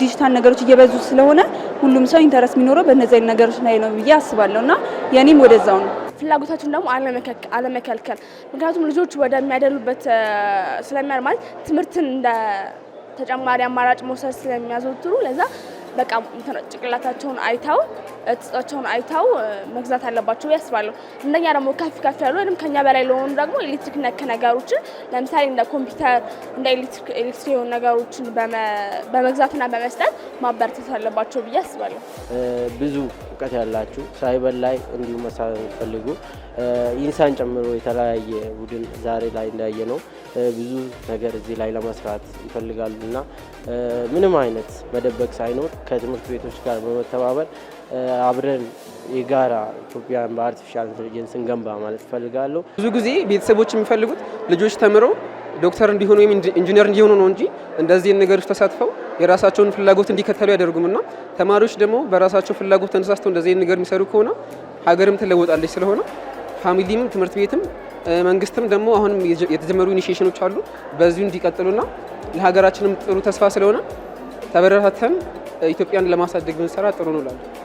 ዲጂታል ነገሮች እየበዙ ስለሆነ ሁሉም ሰው ኢንተረስት የሚኖረው በእነዚህ ነገሮች ላይ ነው ብዬ አስባለሁ እና የኔም ወደዛው ነው። ፍላጎታችን ደግሞ አለመከልከል፣ ምክንያቱም ልጆች ወደሚያደሉበት ስለሚያል ማለት ትምህርትን እንደ ተጨማሪ አማራጭ መውሰድ ስለሚያዘወትሩ ለዛ በቃ ጭንቅላታቸውን አይተው እጥጣቸውን አይተው መግዛት አለባቸው ያስባለሁ። እንደኛ ደግሞ ከፍ ከፍ ያሉ ወይም ከኛ በላይ ለሆኑ ደግሞ ኤሌክትሪክ ነክ ነገሮችን ለምሳሌ እንደ ኮምፒውተር፣ እንደ ኤሌክትሪክ የሆኑ ነገሮችን በመግዛትና በመስጠት ማበረታት አለባቸው ብዬ አስባለሁ። ብዙ እውቀት ያላችሁ ሳይበር ላይ እንዲሁ መሳተፍ የምትፈልጉ ኢንሳን ጨምሮ የተለያየ ቡድን ዛሬ ላይ እንዳየ ነው ብዙ ነገር እዚህ ላይ ለመስራት ይፈልጋሉ እና ምንም አይነት መደበቅ ሳይኖር ከትምህርት ቤቶች ጋር በመተባበር አብረን የጋራ ኢትዮጵያን በአርቲፊሻል ኢንቴሊጀንስ እንገንባ ማለት እፈልጋለሁ። ብዙ ጊዜ ቤተሰቦች የሚፈልጉት ልጆች ተምረው ዶክተር እንዲሆኑ ወይም ኢንጂነር እንዲሆኑ ነው እንጂ እንደዚህ ነገሮች ተሳትፈው የራሳቸውን ፍላጎት እንዲከተሉ ያደርጉም እና ተማሪዎች ደግሞ በራሳቸው ፍላጎት ተነሳስተው እንደዚህ ነገር የሚሰሩ ከሆነ ሀገርም ትለወጣለች። ስለሆነ ፋሚሊም፣ ትምህርት ቤትም፣ መንግስትም ደግሞ አሁንም የተጀመሩ ኢኒሽሽኖች አሉ በዚሁ እንዲቀጥሉና ለሀገራችንም ጥሩ ተስፋ ስለሆነ ተበረታተን ኢትዮጵያን ለማሳደግ ብንሰራ ጥሩ ነው እላለሁ።